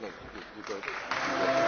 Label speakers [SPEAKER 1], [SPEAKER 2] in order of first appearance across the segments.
[SPEAKER 1] No,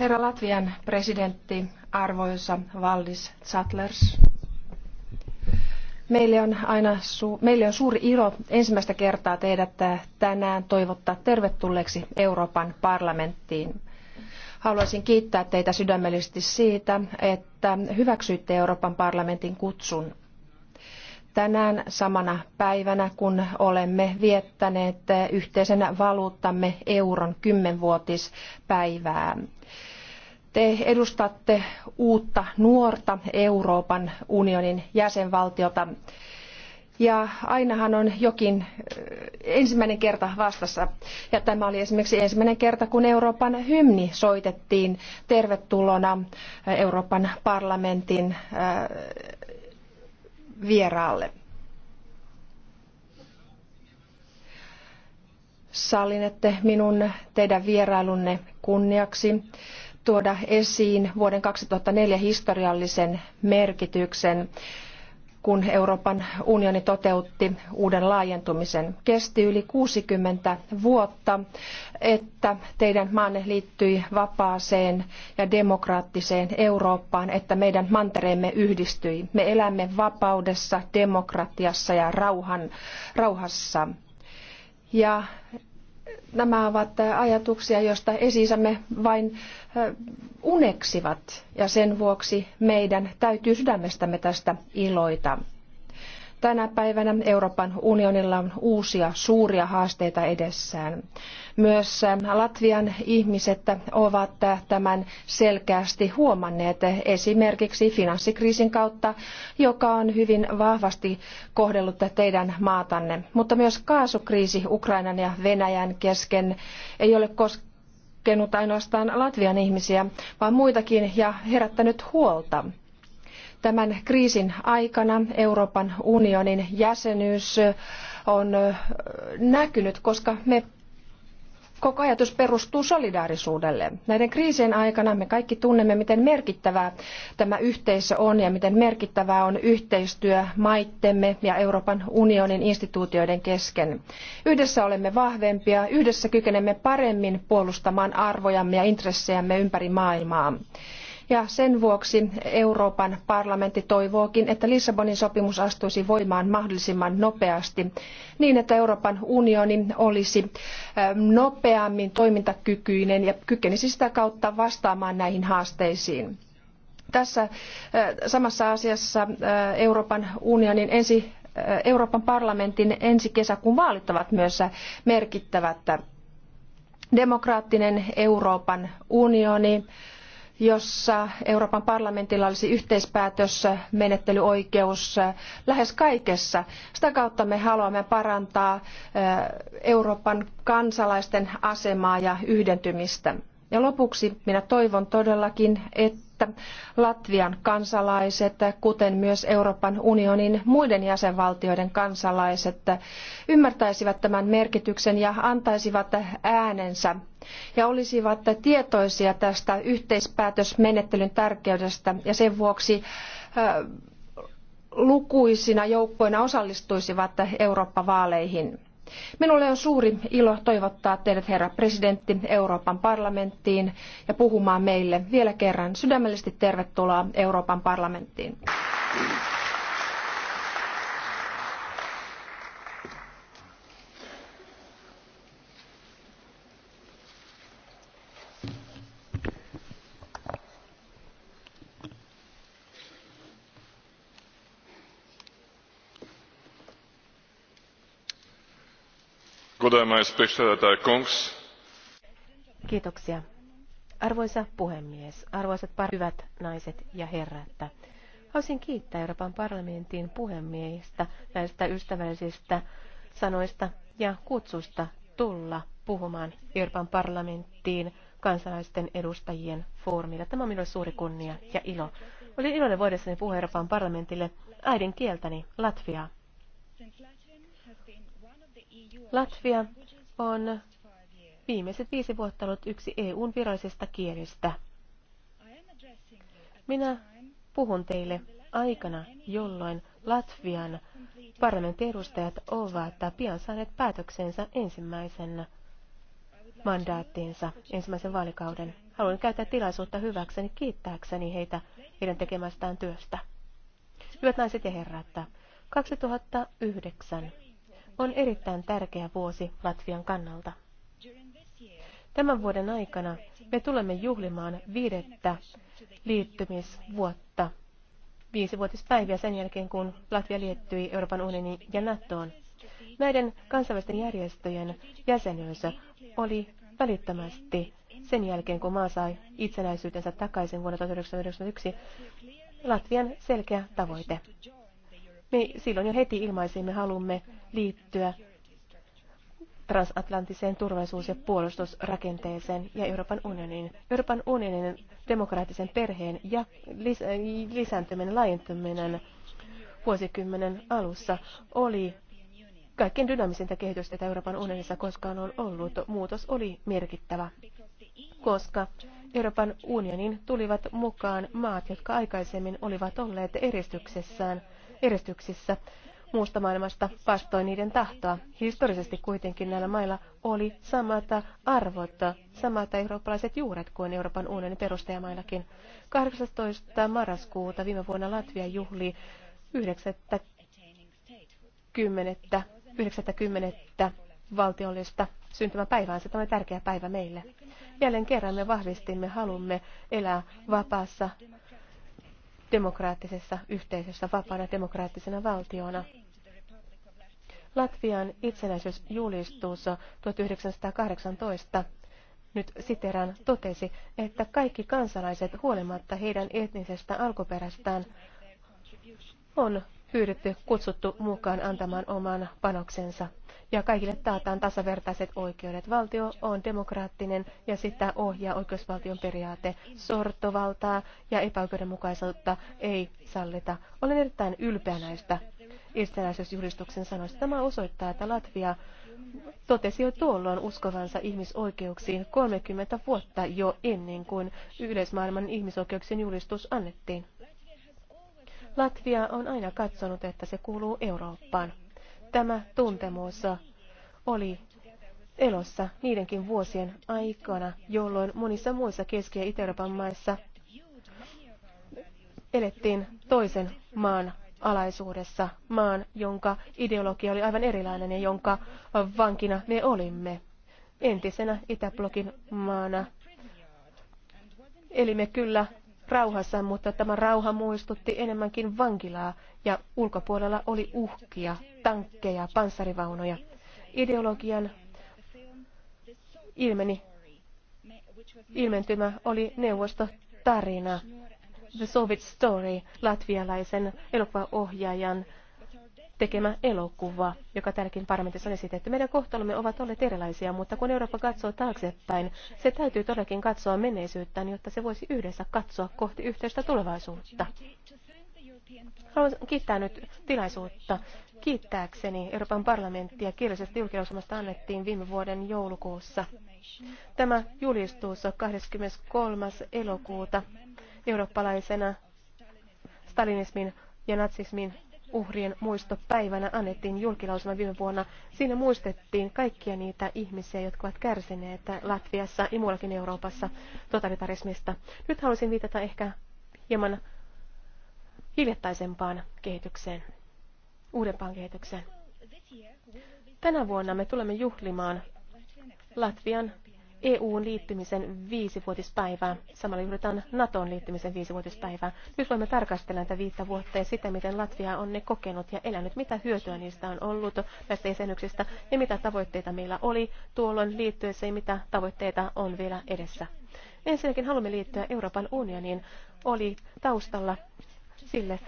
[SPEAKER 2] herra latvian presidentti arvoisa valdis zatlers meille on aina meille on suuri ilo ensimmäistä kertaa teidät äh, tänään toivottaa tervetulleeksi euroopan parlamenttiin. haluaisin kiittää teitä sydämellisesti siitä että hyväksyitte euroopan parlamentin kutsun tänään samana päivänä, kun olemme viettäneet yhteisen valuuttamme euron kymmenvuotispäivää. Te edustatte uutta nuorta Euroopan unionin jäsenvaltiota. Ja ainahan on jokin eh, ensimmäinen kerta vastassa. Ja tämä oli esimerkiksi ensimmäinen kerta, kun Euroopan hymni soitettiin tervetulona eh, Euroopan parlamentin eh, vieraalle. Sallinette minun teidän vierailunne kunniaksi tuoda esiin vuoden 2004 historiallisen merkityksen kun Euroopan unioni toteutti uuden laajentumisen. Kesti yli 60 vuotta, että teidän maanne liittyi vapaaseen ja demokraattiseen Eurooppaan, että meidän mantereemme yhdistyi. Me elämme vapaudessa, demokratiassa ja rauhan, rauhassa. Ja nämä ovat ajatuksia, joista esiisämme vain uneksivat ja sen vuoksi meidän täytyy sydämestämme tästä iloita. Tänä päivänä Euroopan unionilla on uusia suuria haasteita edessään. Myös ähm, Latvian ihmiset ovat äh, tämän selkeästi huomanneet esimerkiksi finanssikriisin kautta, joka on hyvin vahvasti kohdellut teidän maatanne. Mutta myös kaasukriisi Ukrainan ja Venäjän kesken ei ole koskenut ainoastaan Latvian ihmisiä, vaan muitakin ja herättänyt huolta. Tämän kriisin aikana Euroopan unionin jäsenyys on näkynyt, koska me koko ajatus perustuu solidaarisuudelle. Näiden kriisien aikana me kaikki tunnemme, miten merkittävää tämä yhteisö on ja miten merkittävää on yhteistyö maittemme ja Euroopan unionin instituutioiden kesken. Yhdessä olemme vahvempia, yhdessä kykenemme paremmin puolustamaan arvojamme ja intressejämme ympäri maailmaa. Ja sen vuoksi Euroopan parlamentti toivookin, että Lissabonin sopimus astuisi voimaan mahdollisimman nopeasti niin, että Euroopan unioni olisi ähm, nopeammin toimintakykyinen ja kykenisi sitä kautta vastaamaan näihin haasteisiin. Tässä äh, samassa asiassa äh, Euroopan unionin ensi äh, Euroopan parlamentin ensi kesäkuun vaalit ovat myös merkittävät. Demokraattinen Euroopan unioni jossa Euroopan parlamentilla olisi yhteispäätössä menettelyoikeus äh, lähes kaikessa. Sitä kautta me haluamme parantaa äh, Euroopan kansalaisten asemaa ja yhdentymistä. Ja lopuksi minä toivon todellakin, että että Latvian kansalaiset, kuten myös Euroopan unionin muiden jäsenvaltioiden kansalaiset, ymmärtäisivät tämän merkityksen ja antaisivat äänensä ja olisivat tietoisia tästä yhteispäätösmenettelyn tärkeydestä ja sen vuoksi lukuisina joukkoina osallistuisivat Eurooppa-vaaleihin. Minulle on suuri ilo toivottaa teidät, herra presidentti, Euroopan parlamenttiin ja puhumaan meille vielä kerran sydämellisesti tervetuloa Euroopan parlamenttiin.
[SPEAKER 1] Kiitoksia. Arvoisa puhemies, arvoisat hyvät naiset ja herrat. Haluaisin kiittää Euroopan parlamentin puhemiestä näistä ystävällisistä sanoista ja kutsusta tulla puhumaan Euroopan parlamenttiin kansalaisten edustajien foorumilla. Tämä on minulle suuri kunnia ja ilo. Olin iloinen voidessani puhua Euroopan parlamentille äidinkieltäni Latviaa. Latvia on viimeiset viisi vuotta ollut yksi EUn virallisista kielistä. Minä puhun teille aikana, jolloin Latvian parlamentin edustajat ovat pian saaneet päätöksensä ensimmäisen mandaattiinsa, ensimmäisen vaalikauden. Haluan käyttää tilaisuutta hyväkseni kiittääkseni heitä heidän tekemästään työstä. Hyvät naiset ja herrat, 2009 on erittäin tärkeä vuosi Latvian kannalta. Tämän vuoden aikana me tulemme juhlimaan viidettä liittymisvuotta, viisivuotispäiviä sen jälkeen, kun Latvia liittyi Euroopan unioniin ja NATOon. Näiden kansainvälisten järjestöjen jäsenyys oli välittömästi sen jälkeen, kun maa sai itsenäisyytensä takaisin vuonna 1991, Latvian selkeä tavoite. Me silloin jo heti ilmaisimme halumme liittyä transatlanttiseen turvallisuus- ja puolustusrakenteeseen ja Euroopan unionin. Euroopan unionin demokraattisen perheen ja lisääntyminen, laajentuminen vuosikymmenen alussa oli kaikkein dynaamisinta kehitystä, jota Euroopan unionissa koskaan on ollut. Muutos oli merkittävä, koska Euroopan unionin tulivat mukaan maat, jotka aikaisemmin olivat olleet eristyksessään eristyksissä muusta maailmasta vastoin niiden tahtoa. Historisesti kuitenkin näillä mailla oli samat arvot, samat eurooppalaiset juuret kuin Euroopan unionin perustajamaillakin. 18. marraskuuta viime vuonna Latvia juhli 90. 90 valtiollista syntymäpäiväänsä. Tämä on tärkeä päivä meille. Jälleen kerran me vahvistimme halumme elää vapaassa demokraattisessa yhteisössä vapaana demokraattisena valtiona. Latvian itsenäisyysjulistus 1918 nyt siteran totesi, että kaikki kansalaiset huolimatta heidän etnisestä alkuperästään on pyydetty kutsuttu mukaan antamaan oman panoksensa ja kaikille taataan tasavertaiset oikeudet. Valtio on demokraattinen ja sitä ohjaa oikeusvaltion periaate. Sortovaltaa ja epäoikeudenmukaisuutta ei sallita. Olen erittäin ylpeä näistä itsenäisyysjulistuksen sanoista. Tämä osoittaa, että Latvia totesi jo tuolloin uskovansa ihmisoikeuksiin 30 vuotta jo ennen kuin yleismaailman ihmisoikeuksien julistus annettiin. Latvia on aina katsonut, että se kuuluu Eurooppaan tämä tuntemossa oli elossa niidenkin vuosien aikana, jolloin monissa muissa Keski- ja Itä-Euroopan maissa elettiin toisen maan alaisuudessa, maan, jonka ideologia oli aivan erilainen ja jonka vankina me olimme. Entisenä Itäblokin maana elimme kyllä rauhassa, mutta tämä rauha muistutti enemmänkin vankilaa ja ulkopuolella oli uhkia, tankkeja, panssarivaunoja. Ideologian ilmeni, ilmentymä oli neuvostotarina, The Soviet Story, latvialaisen elokuvaohjaajan ohjaajan tekemä elokuva, joka tälläkin parlamentissa on esitetty. Meidän kohtalomme ovat olleet erilaisia, mutta kun Eurooppa katsoo taaksepäin, se täytyy todellakin katsoa menneisyyttään, jotta se voisi yhdessä katsoa kohti yhteistä tulevaisuutta. Haluan kiittää nyt tilaisuutta kiittääkseni Euroopan parlamenttia kirjallisesta julkilausumasta annettiin viime vuoden joulukuussa. Tämä julistus 23. elokuuta eurooppalaisena stalinismin ja natsismin uhrien muistopäivänä annettiin julkilausuma viime vuonna. Siinä muistettiin kaikkia niitä ihmisiä, jotka ovat kärsineet Latviassa ja muuallakin Euroopassa totalitarismista. Nyt haluaisin viitata ehkä hieman hiljattaisempaan kehitykseen, uudempaan kehitykseen. Tänä vuonna me tulemme juhlimaan Latvian EUn liittymisen viisivuotispäivää. Samalla juhlitaan NATOn liittymisen viisivuotispäivää. Nyt voimme tarkastella näitä viittä vuotta ja sitä, miten Latvia on ne kokenut ja elänyt, mitä hyötyä niistä on ollut näistä jäsenyksistä ja mitä tavoitteita meillä oli tuolloin liittyessä ja mitä tavoitteita on vielä edessä. Ensinnäkin haluamme liittyä Euroopan unioniin. Oli taustalla sille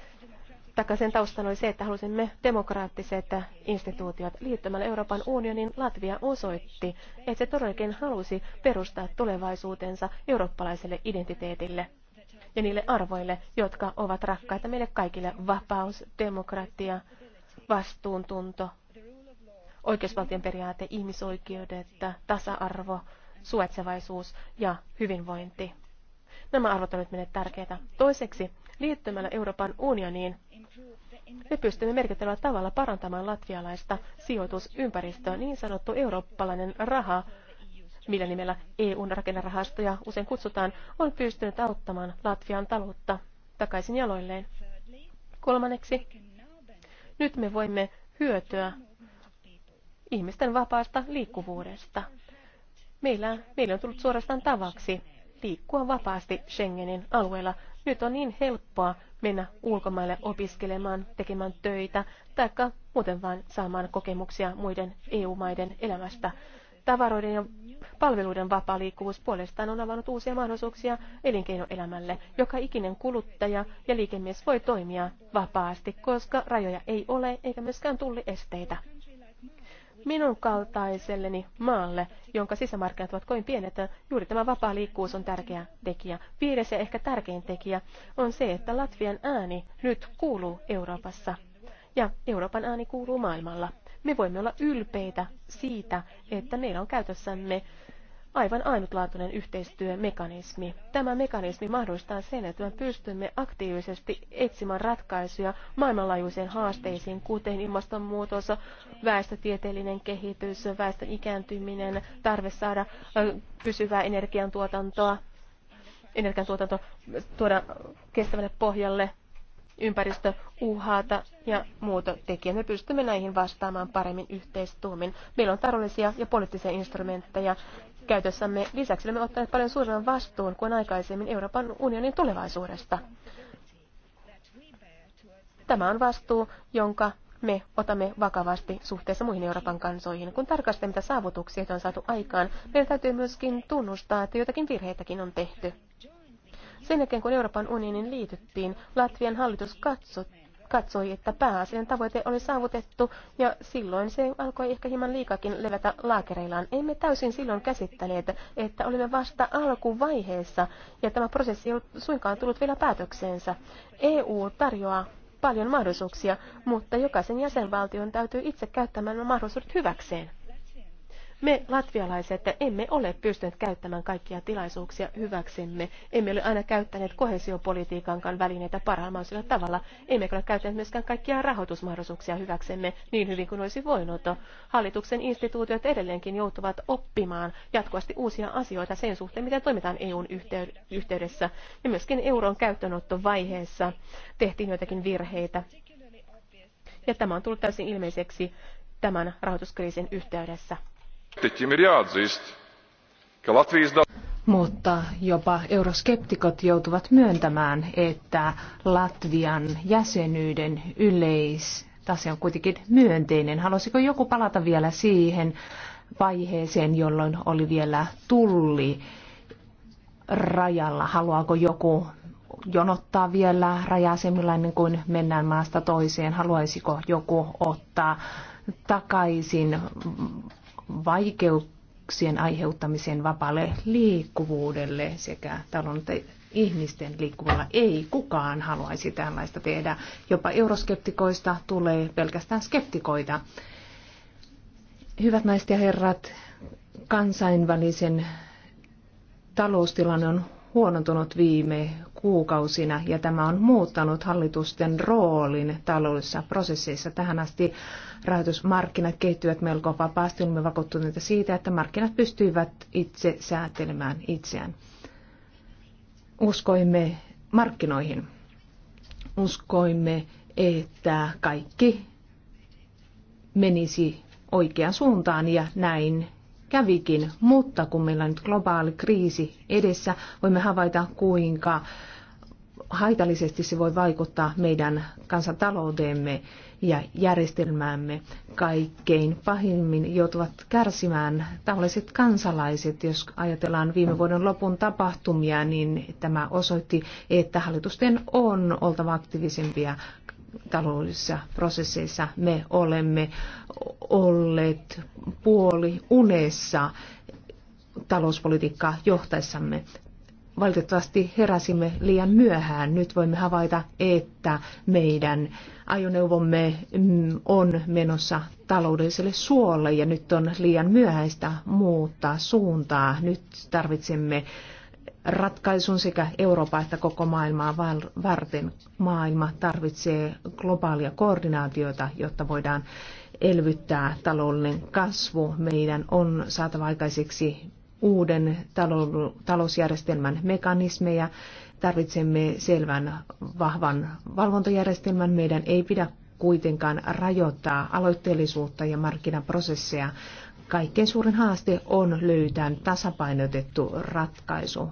[SPEAKER 1] taikka sen taustan oli se, että halusimme demokraattiset instituutiot liittymällä Euroopan unionin Latvia osoitti, että se todellakin halusi perustaa tulevaisuutensa eurooppalaiselle identiteetille ja niille arvoille, jotka ovat rakkaita meille kaikille, vapaus, demokratia, vastuuntunto, oikeusvaltion periaate, ihmisoikeudet, tasa-arvo, suetsevaisuus ja hyvinvointi. Nämä arvot ovat meille tärkeitä. Toiseksi Liittymällä Euroopan unioniin me pystymme merkittävällä tavalla parantamaan latvialaista sijoitusympäristöä, niin sanottu eurooppalainen raha, millä nimellä EUn rakennerahastoja usein kutsutaan, on pystynyt auttamaan Latvian taloutta takaisin jaloilleen. Kolmanneksi, nyt me voimme hyötyä ihmisten vapaasta liikkuvuudesta. Meillä, meillä on tullut suorastaan tavaksi liikkua vapaasti Schengenin alueella. Nyt on niin helppoa mennä ulkomaille opiskelemaan, tekemään töitä tai muuten vain saamaan kokemuksia muiden EU-maiden elämästä. Tavaroiden ja palveluiden vapaa liikkuvuus puolestaan on avannut uusia mahdollisuuksia elinkeinoelämälle. Joka ikinen kuluttaja ja liikemies voi toimia vapaasti, koska rajoja ei ole eikä myöskään tulli esteitä minun kaltaiselleni maalle, jonka sisämarkkinat ovat kovin pienet, juuri tämä vapaa liikkuvuus on tärkeä tekijä. Viides ja ehkä tärkein tekijä on se, että Latvian ääni nyt kuuluu Euroopassa ja Euroopan ääni kuuluu maailmalla. Me voimme olla ylpeitä siitä, että meillä on käytössämme aivan ainutlaatuinen yhteistyömekanismi. Tämä mekanismi mahdollistaa sen, että me pystymme aktiivisesti etsimään ratkaisuja maailmanlaajuisiin haasteisiin, kuten ilmastonmuutos, väestötieteellinen kehitys, väestön ikääntyminen, tarve saada pysyvää energiantuotantoa, energiantuotanto tuoda kestävälle pohjalle, uhata ja muuta tekijä. Me pystymme näihin vastaamaan paremmin yhteistuumin. Meillä on taloudellisia ja poliittisia instrumentteja, käytössämme. Lisäksi olemme ottaneet paljon suuremman vastuun kuin aikaisemmin Euroopan unionin tulevaisuudesta. Tämä on vastuu, jonka me otamme vakavasti suhteessa muihin Euroopan kansoihin. Kun tarkastamme, mitä saavutuksia on saatu aikaan, meidän täytyy myöskin tunnustaa, että jotakin virheitäkin on tehty. Sen jälkeen, kun Euroopan unionin liityttiin, Latvian hallitus katsoi, katsoi, että pääasiallinen tavoite oli saavutettu ja silloin se alkoi ehkä hieman liikakin levätä laakereillaan. Emme täysin silloin käsittäneet, että olimme vasta alkuvaiheessa ja tämä prosessi ei ollut suinkaan tullut vielä päätökseensä. EU tarjoaa paljon mahdollisuuksia, mutta jokaisen jäsenvaltion täytyy itse käyttämään mahdollisuudet hyväkseen. Me latvialaiset emme ole pystyneet käyttämään kaikkia tilaisuuksia hyväksemme. Emme ole aina käyttäneet kohesiopolitiikankaan välineitä parhaimmaisella tavalla. Emme ole käyttäneet myöskään kaikkia rahoitusmahdollisuuksia hyväksemme niin hyvin kuin olisi voinut. Hallituksen instituutiot edelleenkin joutuvat oppimaan jatkuvasti uusia asioita sen suhteen, miten toimitaan EUn yhteydessä. Ja myöskin euron käyttöönottovaiheessa tehtiin joitakin virheitä. Ja tämä on tullut täysin ilmeiseksi tämän
[SPEAKER 3] rahoituskriisin
[SPEAKER 1] yhteydessä.
[SPEAKER 3] Mutta jopa euroskeptikot joutuvat myöntämään, että Latvian jäsenyyden yleistase on kuitenkin myönteinen. Haluaisiko joku palata vielä siihen vaiheeseen, jolloin oli vielä tulli rajalla? Haluaako joku jonottaa vielä raja-asemilla ennen kuin mennään maasta toiseen? Haluaisiko joku ottaa takaisin vaikeuksien aiheuttamiseen vapaalle liikkuvuudelle sekä talon että ihmisten liikkuvalla. Ei kukaan haluaisi tällaista tehdä. Jopa euroskeptikoista tulee pelkästään skeptikoita. Hyvät naiset ja herrat, kansainvälisen taloustilanne on huonontunut viime kuukausina ja tämä on muuttanut hallitusten roolin taloudellisissa prosesseissa. Tähän asti rahoitusmarkkinat kehittyvät melko vapaasti, olemme vakuuttuneita siitä, että markkinat pystyivät itse säätelemään itseään. Uskoimme markkinoihin. Uskoimme, että kaikki menisi oikeaan suuntaan ja näin kävikin, mutta kun meillä on nyt globaali kriisi edessä, voimme havaita kuinka haitallisesti se voi vaikuttaa meidän kansantalouteemme ja järjestelmäämme. Kaikkein pahimmin joutuvat kärsimään tavalliset kansalaiset. Jos ajatellaan viime vuoden lopun tapahtumia, niin tämä osoitti, että hallitusten on oltava aktiivisempia taloudellisissa prosesseissa me olemme olleet puoli unessa talouspolitiikkaa johtaessamme. Valitettavasti heräsimme liian myöhään. Nyt voimme havaita, että meidän ajoneuvomme mm, on menossa taloudelliselle suolle ja nyt on liian myöhäistä muuttaa suuntaa. Nyt tarvitsemme ratkaisun sekä Eurooppaa että koko maailmaa varten. Maailma tarvitsee globaalia koordinaatiota, jotta voidaan elvyttää taloudellinen kasvu. Meidän on saatava aikaiseksi uuden talousjärjestelmän mekanismeja. Tarvitsemme selvän, vahvan valvontajärjestelmän. Meidän ei pidä kuitenkaan rajoittaa aloitteellisuutta ja markkinaprosesseja. Kaikkein suurin haaste on löytää tasapainotettu ratkaisu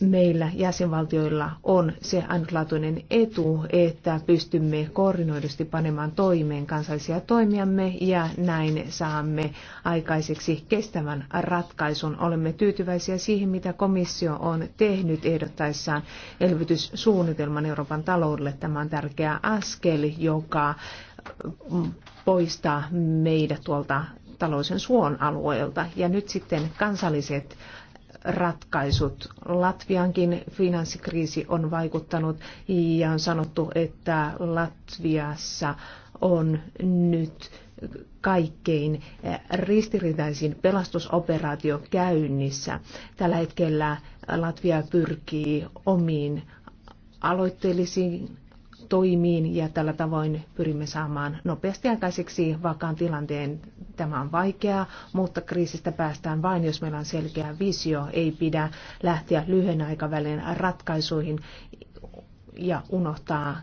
[SPEAKER 3] meillä jäsenvaltioilla on se ainutlaatuinen etu, että pystymme koordinoidusti panemaan toimeen kansallisia toimiamme ja näin saamme aikaiseksi kestävän ratkaisun. Olemme tyytyväisiä siihen, mitä komissio on tehnyt ehdottaessaan elvytyssuunnitelman Euroopan taloudelle. Tämä on tärkeä askel, joka mm, poistaa meidät tuolta talousen suon alueelta. Ja nyt sitten kansalliset ratkaisut. Latviankin finanssikriisi on vaikuttanut ja on sanottu, että Latviassa on nyt kaikkein eh, ristiriitaisin pelastusoperaatio käynnissä. Tällä hetkellä Latvia pyrkii omiin aloitteellisiin toimiin ja tällä tavoin pyrimme saamaan nopeasti aikaiseksi vakaan tilanteen. Tämä on vaikeaa, mutta kriisistä päästään vain, jos meillä on selkeä visio. Ei pidä lähteä lyhyen aikavälin ratkaisuihin ja unohtaa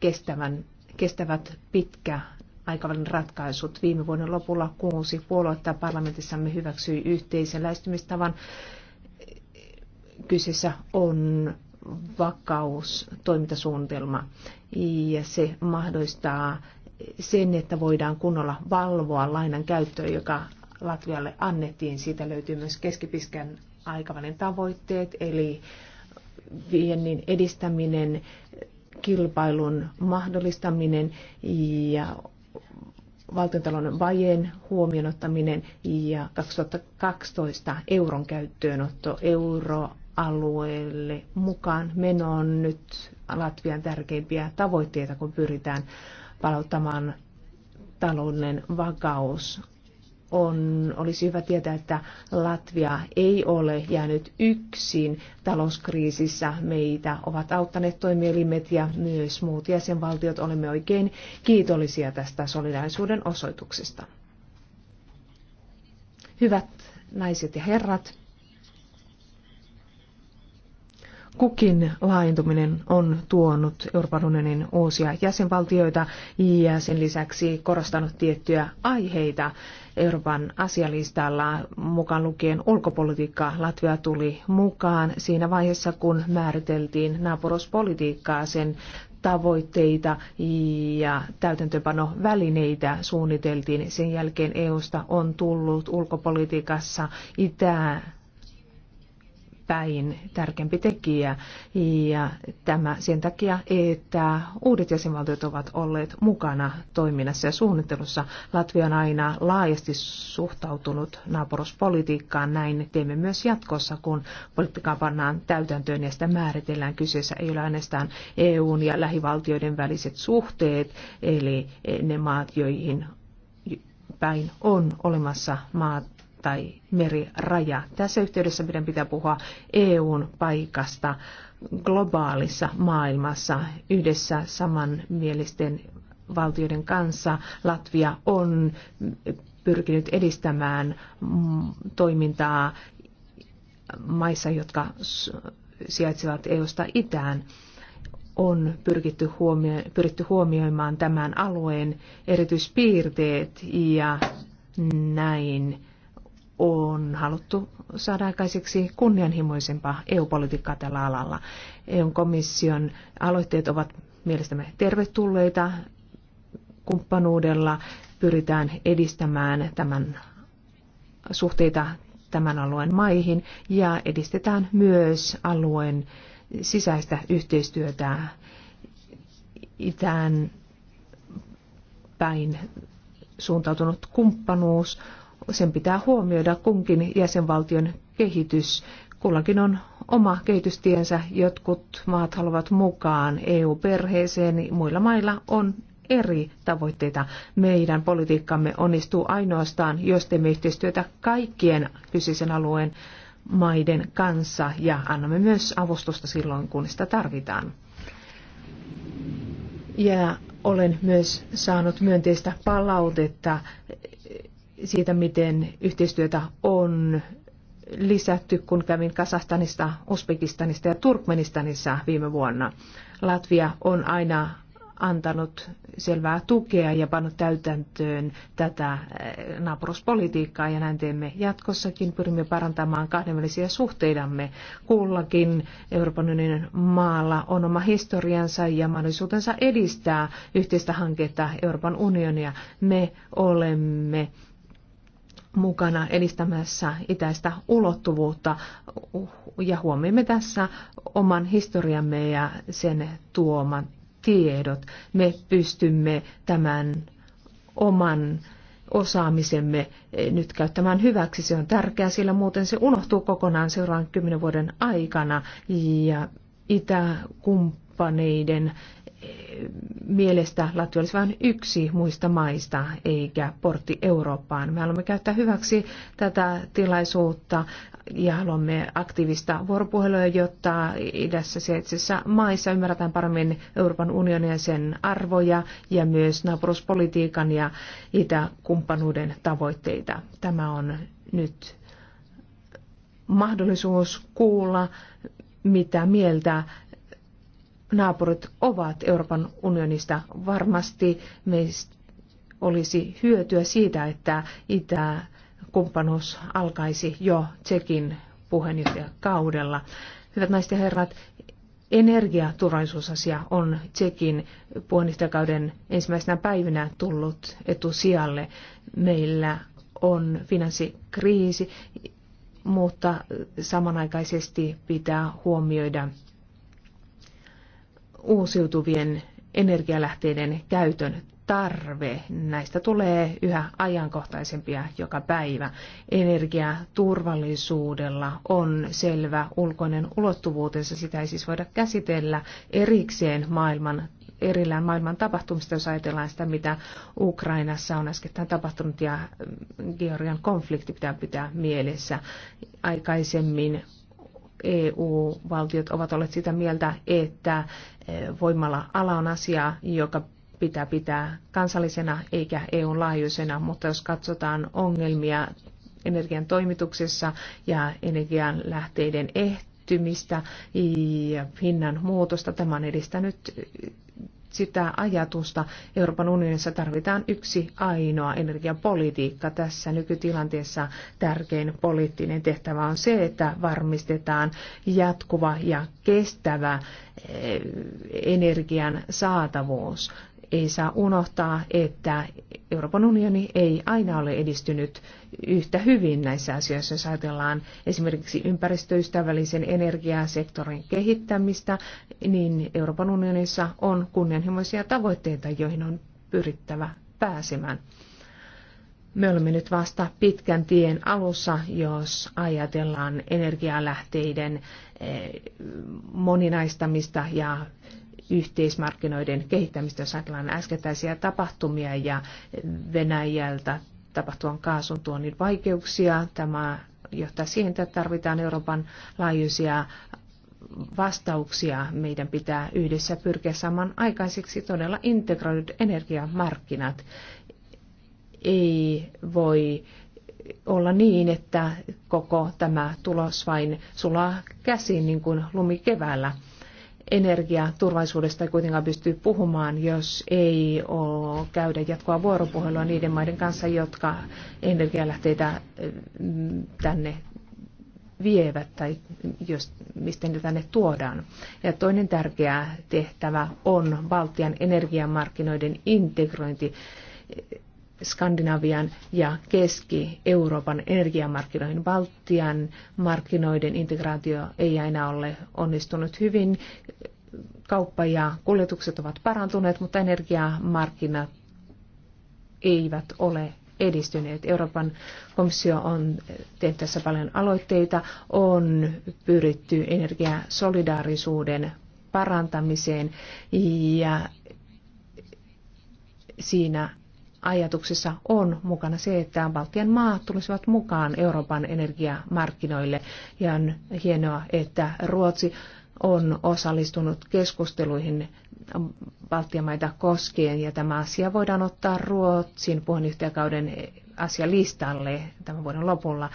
[SPEAKER 3] kestävän, kestävät pitkä aikavälin ratkaisut. Viime vuoden lopulla kuusi puoluetta parlamentissamme hyväksyi yhteisen lähestymistavan. Kyseessä on vakaustoimintasuunnitelma ja se mahdollistaa sen, että voidaan kunnolla valvoa lainan käyttöä, joka Latvialle annettiin. Siitä löytyy myös keskipiskän aikavälin tavoitteet, eli viennin edistäminen, kilpailun mahdollistaminen ja valtiontalouden vajeen huomioon ottaminen ja 2012 euron käyttöönotto. Euro alueelle mukaan meno on nyt Latvian tärkeimpiä tavoitteita, kun pyritään palauttamaan talouden vakaus. On, olisi hyvä tietää, että Latvia ei ole jäänyt yksin talouskriisissä. Meitä ovat auttaneet toimielimet ja myös muut jäsenvaltiot. Olemme oikein kiitollisia tästä solidaarisuuden osoituksesta. Hyvät naiset ja herrat, kukin laajentuminen on tuonut Euroopan unionin uusia jäsenvaltioita ja sen lisäksi korostanut tiettyjä aiheita Euroopan asialistalla mukaan lukien ulkopolitiikka. Latvia tuli mukaan siinä vaiheessa, kun määriteltiin naapuruspolitiikkaa sen tavoitteita ja täytäntöpanovälineitä suunniteltiin. Sen jälkeen EUsta on tullut ulkopolitiikassa itään päin tärkeämpi tekijä. Ja tämä sen takia, että uudet jäsenvaltiot ovat olleet mukana toiminnassa ja suunnittelussa. Latvia on aina laajasti suhtautunut naapuruspolitiikkaan. Näin teemme myös jatkossa, kun politiikkaa pannaan täytäntöön ja sitä määritellään. Kyseessä ei ole ainoastaan EUn ja lähivaltioiden väliset suhteet, eli ne maat, joihin päin on olemassa maat, tai meriraja. Tässä yhteydessä meidän pitää puhua EUn paikasta globaalissa maailmassa yhdessä samanmielisten valtioiden kanssa. Latvia on pyrkinyt edistämään toimintaa maissa, jotka sijaitsevat EUsta itään on pyritty, huomio- pyritty huomioimaan tämän alueen erityispiirteet ja näin on haluttu saada aikaiseksi kunnianhimoisempaa EU-politiikkaa tällä alalla. EU-komission aloitteet ovat mielestämme tervetulleita. Kumppanuudella pyritään edistämään tämän suhteita tämän alueen maihin ja edistetään myös alueen sisäistä yhteistyötä itään päin suuntautunut kumppanuus sen pitää huomioida kunkin jäsenvaltion kehitys. Kullakin on oma kehitystiensä, jotkut maat haluavat mukaan EU-perheeseen, muilla mailla on eri tavoitteita. Meidän politiikkamme onnistuu ainoastaan, jos teemme yhteistyötä kaikkien kyseisen alueen maiden kanssa ja annamme myös avustusta silloin, kun sitä tarvitaan. Ja olen myös saanut myönteistä palautetta siitä, miten yhteistyötä on lisätty, kun kävin Kasahstanista, Uzbekistanista ja Turkmenistanissa viime vuonna. Latvia on aina antanut selvää tukea ja pannut täytäntöön tätä eh, naapuruspolitiikkaa ja näin teemme jatkossakin. Pyrimme parantamaan kahdenvälisiä suhteidamme. Kullakin Euroopan unionin maalla on oma historiansa ja mahdollisuutensa edistää yhteistä hanketta Euroopan unionia. Me olemme mukana edistämässä itäistä ulottuvuutta ja huomioimme tässä oman historiamme ja sen tuoman tiedot. Me pystymme tämän oman osaamisemme nyt käyttämään hyväksi. Se on tärkeää, sillä muuten se unohtuu kokonaan seuraavan kymmenen vuoden aikana ja itäkumppaneiden mielestä Latvia olisi vain yksi muista maista eikä portti Eurooppaan. Me haluamme käyttää hyväksi tätä tilaisuutta ja haluamme aktiivista vuoropuhelua, jotta idässä sijaitsissa maissa ymmärretään paremmin Euroopan unionin ja sen arvoja ja myös naapuruspolitiikan ja itäkumppanuuden tavoitteita. Tämä on nyt mahdollisuus kuulla, mitä mieltä naapurit ovat Euroopan unionista. Varmasti meistä olisi hyötyä siitä, että Itä-kumppanuus alkaisi jo Tsekin puheenjohtajakaudella. Hyvät naiset ja herrat, energiaturvallisuusasia on Tsekin puheenjohtajakauden ensimmäisenä päivinä tullut etusijalle. Meillä on finanssikriisi, mutta samanaikaisesti pitää huomioida uusiutuvien energialähteiden käytön tarve. Näistä tulee yhä ajankohtaisempia joka päivä. Energiaturvallisuudella on selvä ulkoinen ulottuvuutensa. Sitä ei siis voida käsitellä erikseen maailman erillään maailman tapahtumista, jos ajatellaan sitä, mitä Ukrainassa on äskettäin tapahtunut ja Georgian konflikti pitää pitää mielessä. Aikaisemmin EU-valtiot ovat olleet sitä mieltä, että eh, voimala-ala on asia, joka pitää pitää kansallisena eikä EUn laajuisena, mutta jos katsotaan ongelmia energian toimituksessa ja energian lähteiden ehtymistä ja hinnan muutosta, tämä on edistänyt sitä ajatusta. Euroopan unionissa tarvitaan yksi ainoa energiapolitiikka tässä nykytilanteessa. Tärkein poliittinen tehtävä on se, että varmistetaan jatkuva ja kestävä eh, energian saatavuus. Ei saa unohtaa, että Euroopan unioni ei aina ole edistynyt yhtä hyvin näissä asioissa, jos ajatellaan esimerkiksi ympäristöystävällisen energiasektorin kehittämistä, niin Euroopan unionissa on kunnianhimoisia tavoitteita, joihin on pyrittävä pääsemään. Me olemme nyt vasta pitkän tien alussa, jos ajatellaan energialähteiden eh, moninaistamista ja yhteismarkkinoiden kehittämistä, jos ajatellaan äskettäisiä tapahtumia ja Venäjältä tapahtuvan kaasun tuonnin vaikeuksia. Tämä johtaa siihen, että tarvitaan Euroopan laajuisia vastauksia. Meidän pitää yhdessä pyrkiä saamaan aikaiseksi todella integroidut energiamarkkinat. Ei voi olla niin, että koko tämä tulos vain sulaa käsiin niin kuin lumi keväällä energiaturvallisuudesta ei kuitenkaan pysty puhumaan, jos ei ole käydä jatkoa vuoropuhelua niiden maiden kanssa, jotka energialähteitä eh, tänne vievät tai jos, mistä ne tänne tuodaan. Ja toinen tärkeä tehtävä on Baltian energiamarkkinoiden integrointi Skandinavian ja Keski-Euroopan energiamarkkinoihin. Baltian markkinoiden integraatio ei aina ole onnistunut hyvin. Kauppa ja kuljetukset ovat parantuneet, mutta energiamarkkinat eivät ole edistyneet. Euroopan komissio on tehnyt tässä paljon aloitteita, on pyritty energiasolidaarisuuden parantamiseen ja siinä ajatuksissa on mukana se, että Baltian maat tulisivat mukaan Euroopan energiamarkkinoille. Ja on hienoa, että Ruotsi on osallistunut keskusteluihin Baltian maita koskien, ja tämä asia voidaan ottaa Ruotsin puheenjohtajakauden asialistalle tämän vuoden lopulla.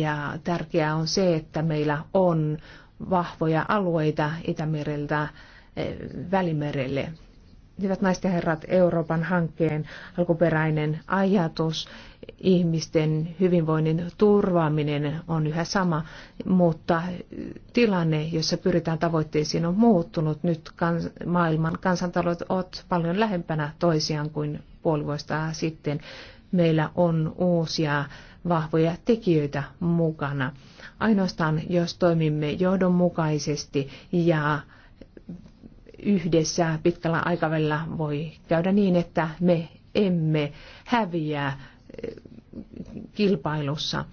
[SPEAKER 3] Ja tärkeää on se, että meillä on vahvoja alueita Itämereltä eh, Välimerelle. Hyvät naiset ja herrat, Euroopan hankkeen alkuperäinen ajatus, ihmisten hyvinvoinnin turvaaminen on yhä sama, mutta tilanne, jossa pyritään tavoitteisiin, on muuttunut. Nyt kans- maailman kansantalot ovat paljon lähempänä toisiaan kuin puoli vuotta sitten. Meillä on uusia vahvoja tekijöitä mukana. Ainoastaan jos toimimme johdonmukaisesti ja yhdessä pitkällä aikavälillä voi käydä niin, että me emme häviä eh, kilpailussa.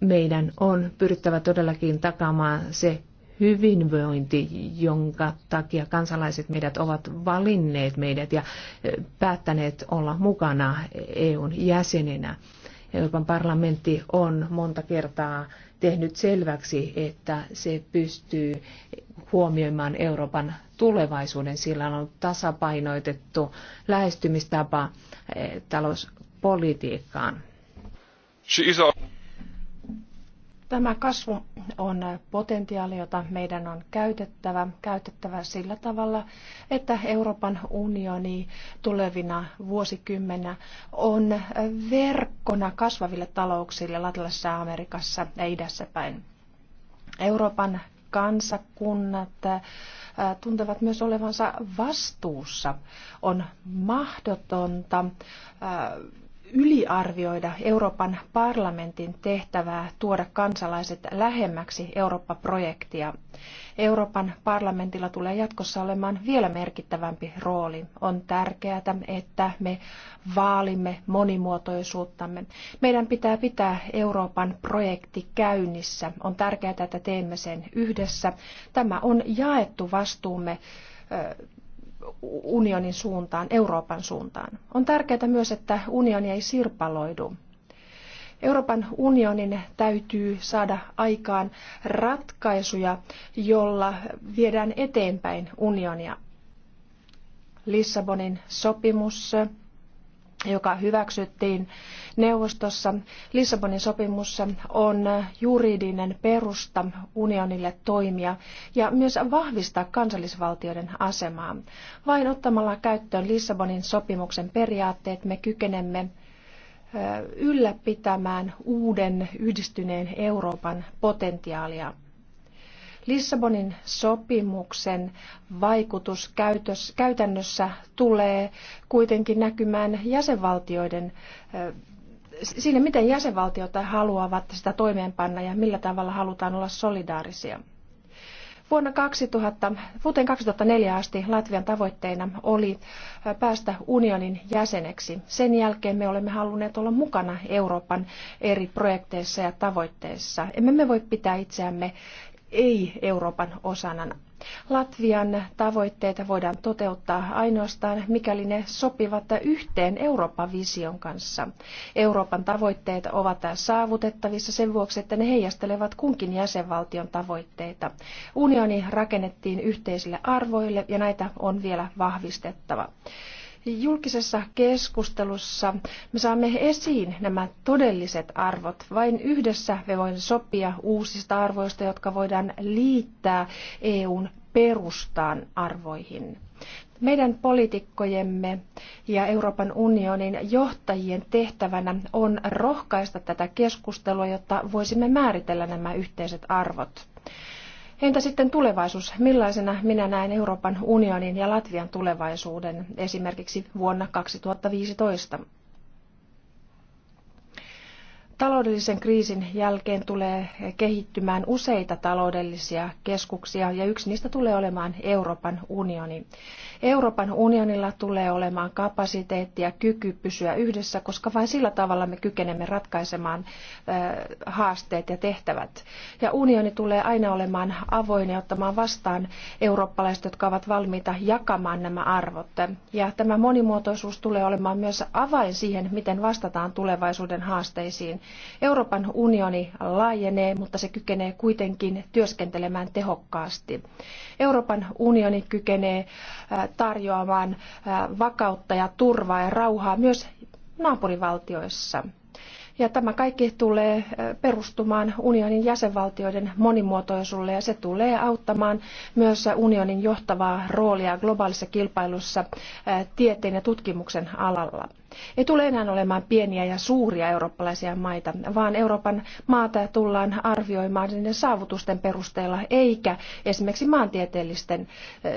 [SPEAKER 3] Meidän on pyrittävä todellakin takaamaan se hyvinvointi, jonka takia kansalaiset meidät ovat valinneet meidät ja eh, päättäneet olla mukana EUn jäsenenä. Euroopan parlamentti on monta kertaa tehnyt selväksi, että se pystyy huomioimaan Euroopan tulevaisuuden. Sillä on ollut tasapainoitettu lähestymistapa eh, talouspolitiikkaan.
[SPEAKER 2] Tämä kasvu on potentiaali, jota meidän on käytettävä, käytettävä sillä tavalla, että Euroopan unioni tulevina vuosikymmeninä on verkkona kasvaville talouksille Latinalaisessa Amerikassa ja idässä päin. Euroopan kansakunnat äh, tuntevat myös olevansa vastuussa. On mahdotonta äh, yliarvioida Euroopan parlamentin tehtävää tuoda kansalaiset lähemmäksi Eurooppa-projektia. Euroopan parlamentilla tulee jatkossa olemaan vielä merkittävämpi rooli. On tärkeää, että me vaalimme monimuotoisuuttamme. Meidän pitää pitää Euroopan projekti käynnissä. On tärkeää, että teemme sen yhdessä. Tämä on jaettu vastuumme unionin suuntaan, Euroopan suuntaan. On tärkeää myös, että unioni ei sirpaloidu. Euroopan unionin täytyy saada aikaan ratkaisuja, jolla viedään eteenpäin unionia. Lissabonin sopimus joka hyväksyttiin neuvostossa. Lissabonin sopimus on juridinen perusta unionille toimia ja myös vahvistaa kansallisvaltioiden asemaa. Vain ottamalla käyttöön Lissabonin sopimuksen periaatteet me kykenemme ylläpitämään uuden yhdistyneen Euroopan potentiaalia. Lissabonin sopimuksen vaikutus käytös, käytännössä tulee kuitenkin näkymään jäsenvaltioiden siinä, miten jäsenvaltiot haluavat sitä toimeenpanna ja millä tavalla halutaan olla solidaarisia. Vuonna 2000, vuoteen 2004 asti Latvian tavoitteena oli päästä unionin jäseneksi. Sen jälkeen me olemme halunneet olla mukana Euroopan eri projekteissa ja tavoitteissa. Emme me voi pitää itseämme ei-Euroopan osana. Latvian tavoitteita voidaan toteuttaa ainoastaan, mikäli ne sopivat yhteen Euroopan vision kanssa. Euroopan tavoitteet ovat saavutettavissa sen vuoksi, että ne heijastelevat kunkin jäsenvaltion tavoitteita. Unioni rakennettiin yhteisille arvoille ja näitä on vielä vahvistettava. Julkisessa keskustelussa me saamme esiin nämä todelliset arvot. Vain yhdessä me voimme sopia uusista arvoista, jotka voidaan liittää EUn perustaan arvoihin. Meidän poliitikkojemme ja Euroopan unionin johtajien tehtävänä on rohkaista tätä keskustelua, jotta voisimme määritellä nämä yhteiset arvot. Entä sitten tulevaisuus? Millaisena minä näen Euroopan unionin ja Latvian tulevaisuuden esimerkiksi vuonna 2015? Taloudellisen kriisin jälkeen tulee kehittymään useita taloudellisia keskuksia ja yksi niistä tulee olemaan Euroopan unioni. Euroopan unionilla tulee olemaan kapasiteetti ja kyky pysyä yhdessä, koska vain sillä tavalla me kykenemme ratkaisemaan haasteet ja tehtävät. Ja unioni tulee aina olemaan avoin ja ottamaan vastaan eurooppalaiset, jotka ovat valmiita jakamaan nämä arvot. Ja tämä monimuotoisuus tulee olemaan myös avain siihen, miten vastataan tulevaisuuden haasteisiin Euroopan unioni laajenee, mutta se kykenee kuitenkin työskentelemään tehokkaasti. Euroopan unioni kykenee tarjoamaan vakautta ja turvaa ja rauhaa myös naapurivaltioissa. Ja tämä kaikki tulee perustumaan unionin jäsenvaltioiden monimuotoisuudelle ja se tulee auttamaan myös unionin johtavaa roolia globaalissa kilpailussa tieteen ja tutkimuksen alalla. Ei tule enää olemaan pieniä ja suuria eurooppalaisia maita, vaan Euroopan maata tullaan arvioimaan niiden saavutusten perusteella, eikä esimerkiksi maantieteellisten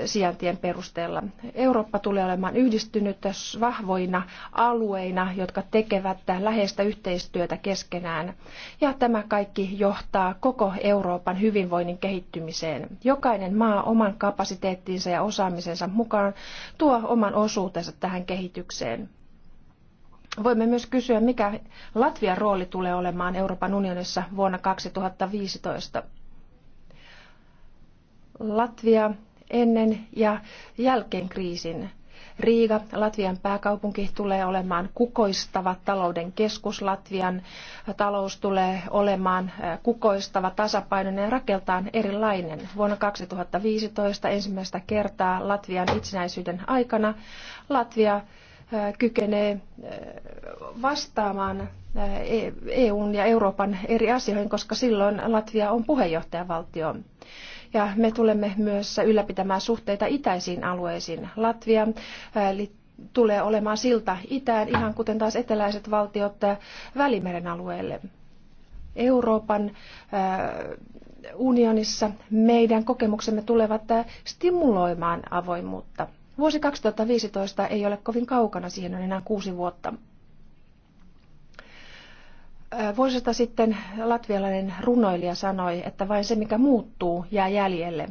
[SPEAKER 2] sijaintien perusteella. Eurooppa tulee olemaan yhdistynyt vahvoina alueina, jotka tekevät läheistä yhteistyötä keskenään. Ja tämä kaikki johtaa koko Euroopan hyvinvoinnin kehittymiseen. Jokainen maa oman kapasiteettinsa ja osaamisensa mukaan tuo oman osuutensa tähän kehitykseen. Voimme myös kysyä, mikä Latvian rooli tulee olemaan Euroopan unionissa vuonna 2015. Latvia ennen ja jälkeen kriisin. Riiga, Latvian pääkaupunki, tulee olemaan kukoistava talouden keskus. Latvian talous tulee olemaan kukoistava, tasapainoinen ja rakeltaan erilainen. Vuonna 2015 ensimmäistä kertaa Latvian itsenäisyyden aikana Latvia kykenee vastaamaan EUn e ja Euroopan eri asioihin, koska silloin Latvia on puheenjohtajavaltio. Ja me tulemme myös ylläpitämään suhteita itäisiin alueisiin. Latvia tulee olemaan silta itään, ihan kuten taas eteläiset valtiot Välimeren alueelle. Euroopan unionissa meidän kokemuksemme tulevat stimuloimaan avoimuutta – Vuosi 2015 ei ole kovin kaukana, siihen on enää kuusi vuotta. Vuosista sitten latvialainen runoilija sanoi, että vain se mikä muuttuu jää jäljelle.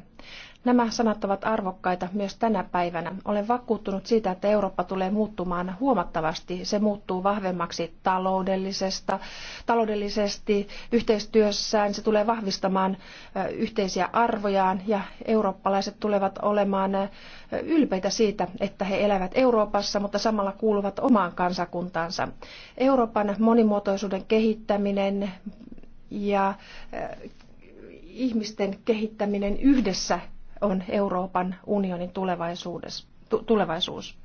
[SPEAKER 2] Nämä sanat ovat arvokkaita myös tänä päivänä. Olen vakuuttunut siitä, että Eurooppa tulee muuttumaan huomattavasti. Se muuttuu vahvemmaksi taloudellisesta, taloudellisesti yhteistyössään. Se tulee vahvistamaan yhteisiä arvojaan ja eurooppalaiset tulevat olemaan ylpeitä siitä, että he elävät Euroopassa, mutta samalla kuuluvat omaan kansakuntaansa. Euroopan monimuotoisuuden kehittäminen ja ihmisten kehittäminen yhdessä on Euroopan unionin tulevaisuus.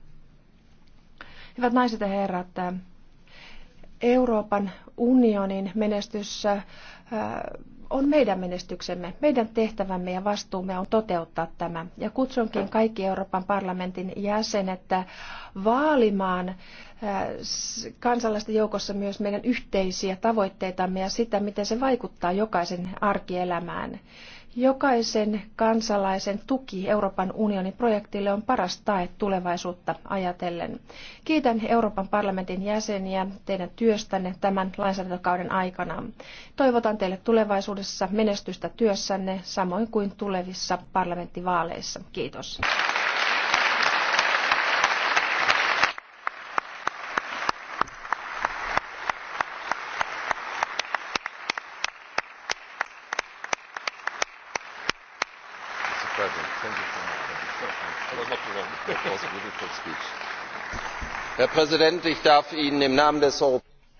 [SPEAKER 2] Hyvät naiset ja herrat, äh, Euroopan unionin menestys äh, on meidän menestyksemme. Meidän tehtävämme ja vastuumme on toteuttaa tämä. Ja kutsunkin kaikki Euroopan parlamentin jäsenet äh, vaalimaan kansalaisten joukossa myös meidän yhteisiä tavoitteitamme ja sitä, miten se vaikuttaa jokaisen arkielämään. Jokaisen kansalaisen tuki Euroopan unionin projektille on paras tae tulevaisuutta ajatellen. Kiitän Euroopan parlamentin jäseniä teidän työstänne tämän lainsäädäntökauden aikana. Toivotan teille tulevaisuudessa menestystä työssänne samoin kuin tulevissa parlamenttivaaleissa. Kiitos.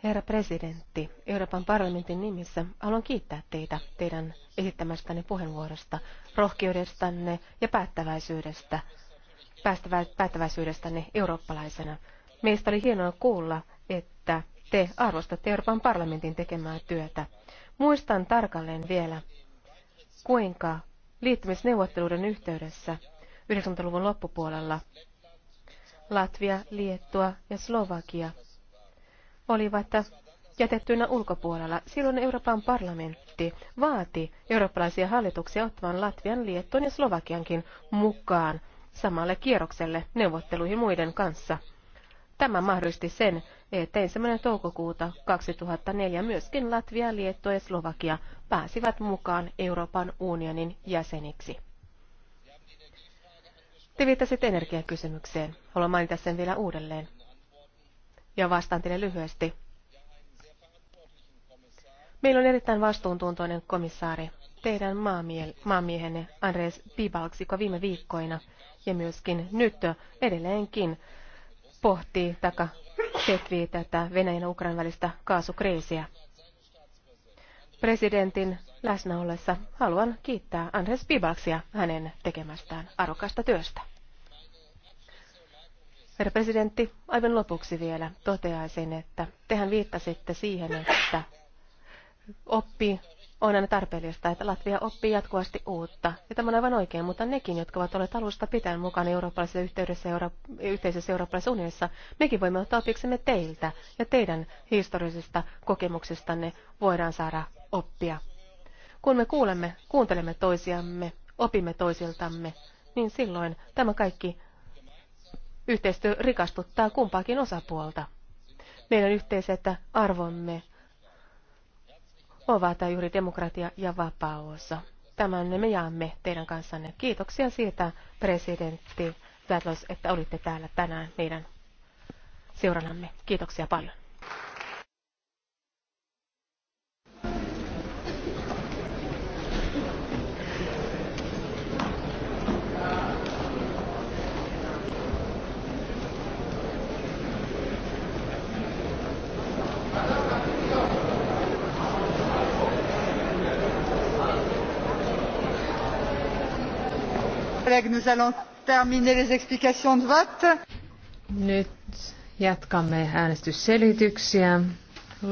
[SPEAKER 1] herra presidentti euroopan parlamentin nimissä haluan kiittää teitä teidän esittämästänne puheenvuorosta rohkeudestanne ja päättäväisyydestä, päättäväisyydestänne eurooppalaisena. meistä oli hienoa kuulla että te arvostatte euroopan parlamentin tekemää työtä. muistan tarkalleen vielä kuinka liittymisneuvotteluiden yhteydessä 90 luvun loppupuolella Latvia, Liettua ja Slovakia olivat jätettynä ulkopuolella. Silloin Euroopan parlamentti vaati eurooppalaisia hallituksia ottamaan Latvian, Liettuan ja Slovakiankin mukaan samalle kierrokselle neuvotteluihin muiden kanssa. Tämä mahdollisti sen, että 1. toukokuuta 2004 myöskin Latvia, Liettua ja Slovakia pääsivät mukaan Euroopan unionin jäseniksi. Te viittasit energiakysymykseen. Haluan mainita sen vielä uudelleen. Ja vastaan teille lyhyesti. Meillä on erittäin vastuuntuntoinen komissaari, teidän maamie- maamiehenne Andres Bibalks, joka viime viikkoina ja myöskin nyt edelleenkin pohtii taka setvii tätä Venäjän ja Ukrainan välistä kaasukriisiä. Presidentin läsnä ollessa haluan kiittää Andres Pibalksia hänen tekemästään arvokasta työstä. Herra presidentti, aivan lopuksi vielä toteaisin, että tehän viittasitte siihen, että oppi on aina tarpeellista, että Latvia oppii jatkuvasti uutta. Ja tämä on aivan oikein, mutta nekin, jotka ovat olleet alusta pitäen mukana eurooppalaisessa yhteydessä, euro- yhteisessä eurooppalaisessa unionissa, mekin voimme ottaa opiksemme teiltä ja teidän historiallisista kokemuksistanne voidaan saada oppia. Kun me kuulemme, kuuntelemme toisiamme, opimme toisiltamme, niin silloin tämä kaikki yhteistyö rikastuttaa kumpaakin osapuolta. Meidän yhteiset arvomme ovat juuri demokratia ja vapaus. Tämän me jaamme teidän kanssanne. Kiitoksia siitä, presidentti Zadlos, että olitte täällä tänään meidän seurannamme. Kiitoksia paljon.
[SPEAKER 3] collègues, nous allons terminer les explications de vote. Nyt jatkamme äänestysselityksiä.